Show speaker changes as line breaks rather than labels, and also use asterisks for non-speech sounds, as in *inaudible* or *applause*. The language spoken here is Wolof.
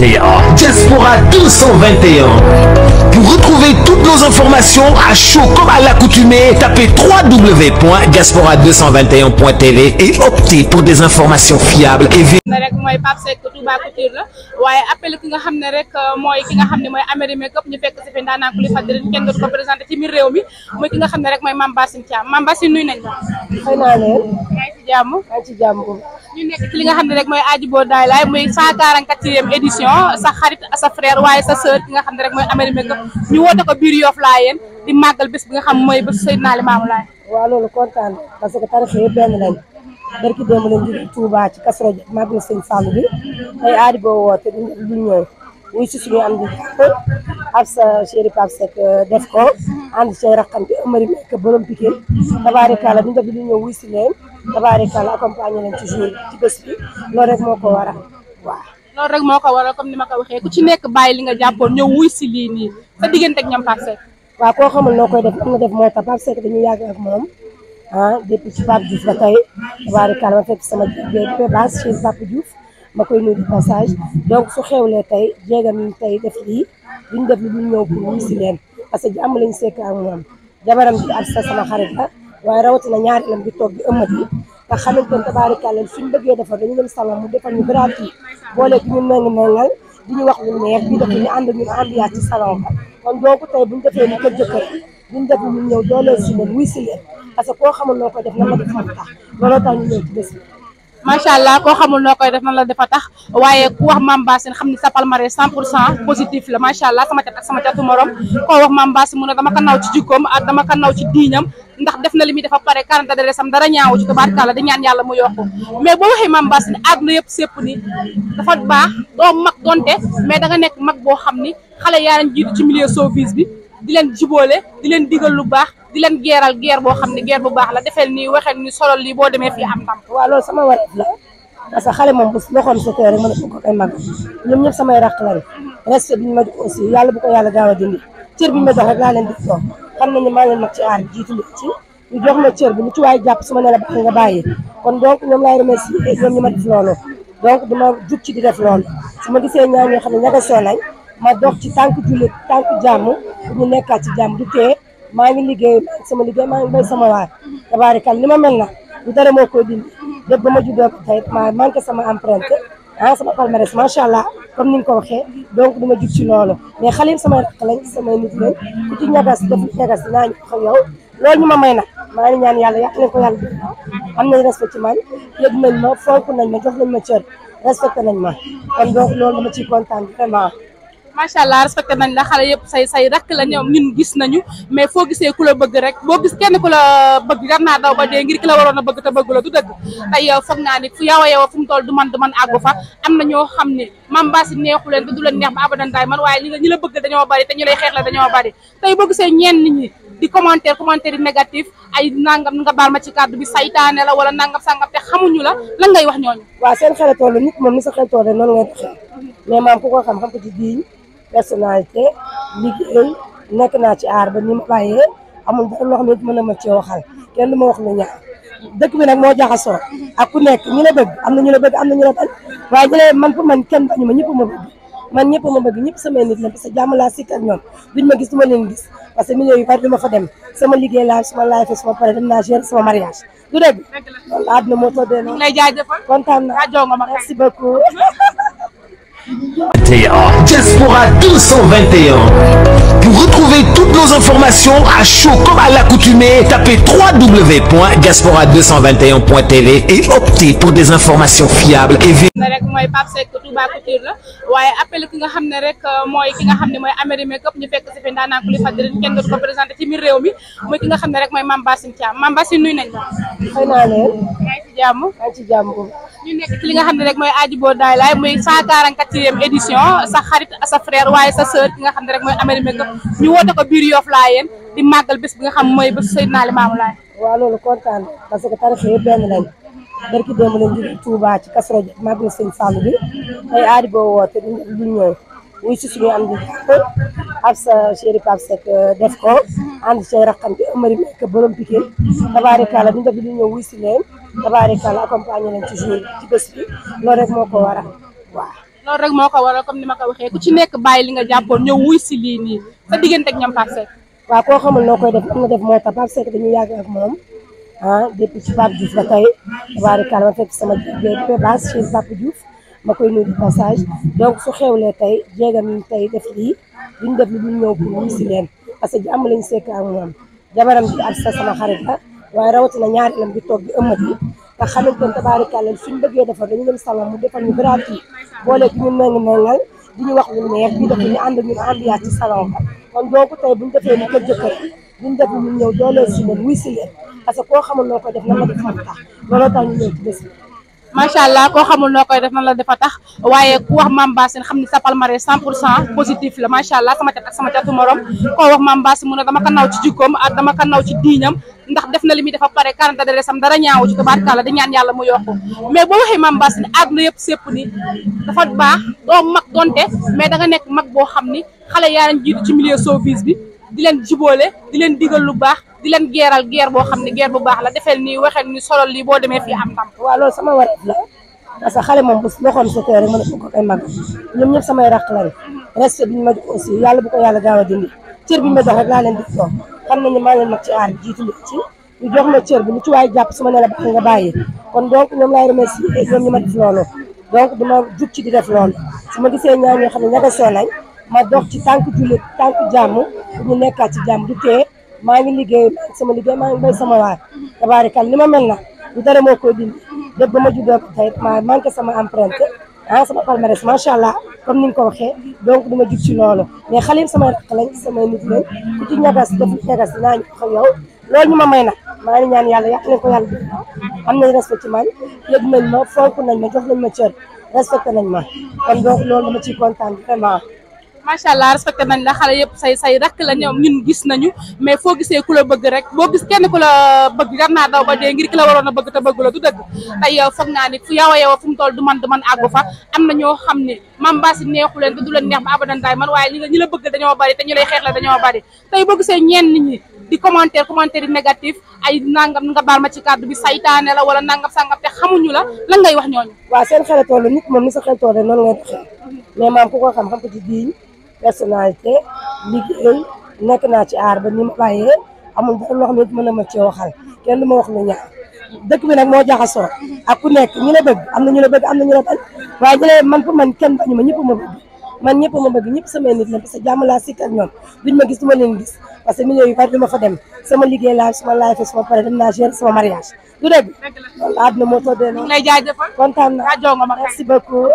221. Diaspora 221. Pour retrouver toutes nos informations à chaud comme à l'accoutumée, tapez www.diaspora221.tv et optez pour des informations fiables et
rek mooy Pape Seck Touba Couture la waaye
appel ki nga xam ne rek euh, mooy ki nga xam ne mooy Amary Makeup ñu fekk si fi ndaanaan ku li fàttali kenn dootu ko présenté ci biir réew mi mooy ki nga xam ne rek mooy Mame Bassine Thiam Mame Bassine nuyu nañ la jàmm maa ci
jàmm boobu li nga xam ne rek
mooy Ajibo Daylife muy cent quarante-quatrième e édition sa xarit sa frère waaye sa sœur nga xam ne rek mooy Amary Makeup ñu woote ko bi nga xam mooy bés Seydina Limaamu Laay
waaw loolu kontaan parce que tarix yëpp benn lañ barki démb lañ di Touba ci Kazu Rajab si suñu am di ab sa chéri Pape Seck euh, def ko ànd ci rakkam bi Amary Makeup borom Pikine tabaarikàlla bi ñu def lu ñëw wuy si leen tabaarikàlla accompagné leen ci jour
ci bés bi loolu rek moo
ko waral waaw.
loolu rek moo ko waral comme ni ma ko waxee ku ci nekk bàyyi li nga jàppoon ñëw wuy si lii nii sa diggante ak
noo koy def am na def moo tax Pape Seck moom ah depuis ci Pape Diouf sama jéeg base chez ma koy nuyu di passage donc su xewlee tey jéegam yi tey def lii duñ def lu ñu ñëw pour si leen parce que jàmm lañ sekk ak moom jabaram ji ak sa sama xarit la waaye rawatina ñaareelam bi toog di ndax xale ko tabaarikàlla suñ bëggee defar dañu dem salon mu defal ñu gratuit boole bi ñu nangi nangal di ñu wax lu neex di def ñu ànd ñu ko jëkkër buñ def ñu ñëw dooleel si leen parce que koo xamul noo koy def na la defar tax
looloo allah koo xamul noo koy def nan la defa tax waaye ku wax Mame Bassine xam ni sa palmarès 100 pour cent positif la macha allah sama cat ak sama catu morom koo wax Mame Bassine mu ne dama ko naw ci jikkoom ak dama ko ci diiñam ndax def na li muy dafa pare quarante de resam dara ñaaw ci tubaarkàlla di ñaan yàlla mu yokku mais boo waxee Mame Bass ni àdduna yëpp sépp ni dafa baax doo mag donte mais da nekk mag boo xam ni xale yaa leen jiitu ci bi di leen jiboole di leen digal lu baax di leen geeral geer boo xam ne geer bu baax la defeel nii waxeel ni solol lii boo demee fii am
ndam waaw loolu sama wareef la parce que xale moom bu loxoom sotee rek mën a ko koy mag ñoom ñëpp samay raq la rek respect bi ñu ma jox aussi yàlla bu ko yàlla gaaw a dindi cër bi ñu ma rek laa leen di jox xam nañ ne maa leen mag ci aar jiitu ma ci ñu jox ma cër bi lu ci waay jàpp su ma nee la nga bàyyi kon donc ñoom laay remercier ñoom ñi ma def loolu donc dama jug ci di def loolu su ma gisee ñaan yoo xam ne ñaga see ma dox ci tànk jullit tànk jàmm pour ñu nekkaat ci jàmm du tee maa ngi liggéey sama liggéey maa ngi béy sama waar tabaarikal li ma mel na lu dara moo koy dindi dëgg ba ma juddoo tey maa manqué sama empreinte ah sama palmarès macha allah comme ni nga ko waxee donc duma jug ci loolu mais xale sama rakk lañ samay nit lañ ku ci ñagas def ñagas naa ñu ko yow loolu ñu ma may nag maa ngi ñaan yàlla yàq nañ am nañ respect ci man yëg ma fonk nañ ma jox nañ ma cër respecté nañ ma kon donc loolu dama ci kontaan vraiment.
macha allah respecté nañ la xale yëpp say say rakk la ñoom ñun gis nañu mais foo gisee ku la bëgg rek boo gis kenn ku la bëgg gar naa daw ba dee ngir ki la waroon a bëgg te bëgg la du dëgg tey foog naa ni fu yaw a yow fu mu toll du man du man àggu fa am na ñoo xam ne mam baasi neexu leen te du leen neex ba abadan daay man waaye ñi la bëgg dañoo bari te ñu lay xeex la dañoo bari tey boo gisee ñenn nit ñi di commentaire commentaire yi négatif ay nangam nga baal ma ci kàddu bi saytaane la wala nangam sangam
xamuñu la lan ngay wax ñooñu waaw seen xel toll nit moom ni sa xel toll noonu ngay taxee xam xam ko ci personnalité liggéey nekk naa ci aar ba ni ma bàyyee amul dara loo xam ne mën na ma cee waxal kenn du ma wax lu ñaaw dëkk bi nag moo jaxasoo ak ku nekk ñu la bëgg am na ñu la bëgg am na ñu la bañ waaye jëlee man pour man kenn bañu ma ñëpp ma bëgg man ñëpp ma bëgg ñëpp samay nit la parce que jàmm laa sikk ñoom duñ ma gis du ma leen gis parce que milieu yu bari du ma fa dem sama liggéey laa sama life sama pare dem naa gérer sama mariage du moo loolu àdduna moo toddee noonu kontaan naa merci beaucoup *laughs* Diaspora 221. Pour retrouver toutes nos informations
à chaud comme à l'accoutumée, tapez www.diaspora221.tv et optez pour des informations fiables et
rek mooy Pape Seck Touba Couture la waaye
appel ki nga xam ne rek euh, mooy ki nga xam ne mooy Amary Makeup ñu fekk si fi ndaanaan ku li fàttali kenn dootu ko présenté ci biir réew mi muy ki nga xam ne rek mooy Mame Bassine Thiam Mame Bassine nuyu nañ la. xëy ñu nekk ci li nga xam ne rek mooy Ajibo Daay Laay muy 144e édition sa xarit sa frère waaye sa sœur ki nga xam ne rek mooy Amary Makeup ñu woote ko biir Yoff Laayeen di màggal bés bi nga xam mooy bés Seydina Limaamu Laay
waaw loolu kontaan parce que tarixe yëpp benn lañ barki démb lañ jóge Touba ci Kazu Rajab màggal Sëñ bi ay Ajibo woote lu ñëw wuy si suñu am di ab sa chéri Pape Seck euh, def ko ànd ci rakkam bi ëmmari mekk borom Pikine tabaarikàlla bi ñu ñëw si leen tabaarikàlla accompagné leen ci jour
ci bés bi loolu rek
moo ko waral waaw.
loolu rek moo ko waral comme li nga jàppoon ñëw wuy si lii nii sa diggante ak ñoom Pape Seck.
waaw xamul noo koy def am na def moo tax Pape dañuy yàgg ak moom. ah depuis ci Pape Diouf ba tey tabaarikàlla ma fekk sama jigéen Pébas chéri Pape Diouf. ma koy nuyu passage donc su xewlee tey jéegam yi tey def lii duñ def li ñu ñëw pour wuyu si leen parce que jàmm lañ sekk ak moom jabaram bi ak sa sama xarit la waaye rawatina ñaari lam bi toog di ëmmat yi nga xamante ne tabaarikàlla suñ bëggee defar dañu leen salon mu defal ñu gratuit boole bi ñu mel ne di ñu wax lu neex di def ñu ànd ñu ànd yaa ci salon ba kon donc tey buñ defee ni ko jëkkër buñ def ñu ñëw dooleel si wuy si parce que koo xamul noo ko def na ma di xam tax looloo tax ñu
ñëw ci bés macha allah koo xamul no koy def nan la dafa tax waaye ku wax Mame xam ni sa palmarès 100 pour cent positif la macha allah sama cat ak sama catu morom koo wax Mame mu ne dama ko ci jikkoom ak dama ko ci diiñam ndax def na li muy dafa pare quarante de sam dara ñaaw ci tabaarkalla di ñaan yàlla mu yokku mais boo waxee Mame Bassine àdduna yëpp sépp ni dafa baax doo mag donte mais da nekk mag boo xam ni xale yaa leen jiitu ci milieu showbiz bi di leen jubóole di leen digal lu baax di leen geeral geer boo xam ne geer bu baax la defeel nii waxeel ni solol lii boo demee fii am ndam
waaw loolu sama wareef la parce que xale moom bu loxoom sa tee rek mën a la rek respect bi ñu ma jox jox leen di jox xam ma cër bi lu ci waay jàpp su ma ne ñu ma def loolu donc dama jug ci di def loolu su ma gisee ñaan yoo xam ne ñagasee nañ ma dox ci tànk jullit tànk jàmm ñu nekkaat ci jàmm du tee maa ngi liggéey maa sama liggéey maa ngi béy sama waar tabaarikal li ma mel na du dara moo koy dindi dëgg ba ma juddoo tey maa manqué sama empreinte ah sama palmarès macha allah comme ni nga ko waxee donc duma jug ci loolu mais xale sama rakk lañ samay nit lañ ku ci ñagas def ñagas naa ñu ko yow loolu ñu ma may na maa ngi ñaan yàlla yàq nañ ko yàlla am nañ respect ci man yëg nañ ma fonk nañ ma jox ma cër respecté nañ ma kon loolu dama ciy kontaan vraiment
macha allah respecté nañ la xale yëpp say say rakk la ñoom ñun gis nañu mais foo gisee ku la bëgg rek boo gis kenn ku la bëgg gar naa daw ba dee ngir ki la waroon a bëgg te bëgg la du dëgg tey euh, foog naa ni fu mu toll du man du man fa am na ñoo xam ne mam baasi neexu leen te du leen neex ba abadan daay man waaye ñi la bëgg dañoo bari te ñu lay xeex la dañoo bari tey boo gisee ni ñi di commentaire commentaire yi négatif ay nangam nga baal ma ci kàddu bi saytaane la wala nangam sangam
te xamuñu la lan ngay wax ñooñu waaw seen xel toll nit moom ni sa xel toll noonu ngay doxee mais maam ku ko xam xam ko ci diiñ personnalité liggéey nekk naa ci aar ba ni ma bàyyee amul dara loo na ma cee waxal kenn du ma wax lu ñaaw dëkk bi nag moo jaxasoo ak ku nekk ñu la bëgg am na ñu la bëgg am na ñu la bañ waaye jëlee man pour man kenn bañu ma ñëpp ma bëgg man ñëpp ma bëgg ñëpp samay nit laa sikk ak ñoom duñ ma gis du ma leen gis parce que milieu yu bari du ma fa dem sama liggéey laa sama life sama pare dem naa gérer sama mariage du dégg loolu àdduna moo toddee noonu kontaan naa merci beaucoup *laughs*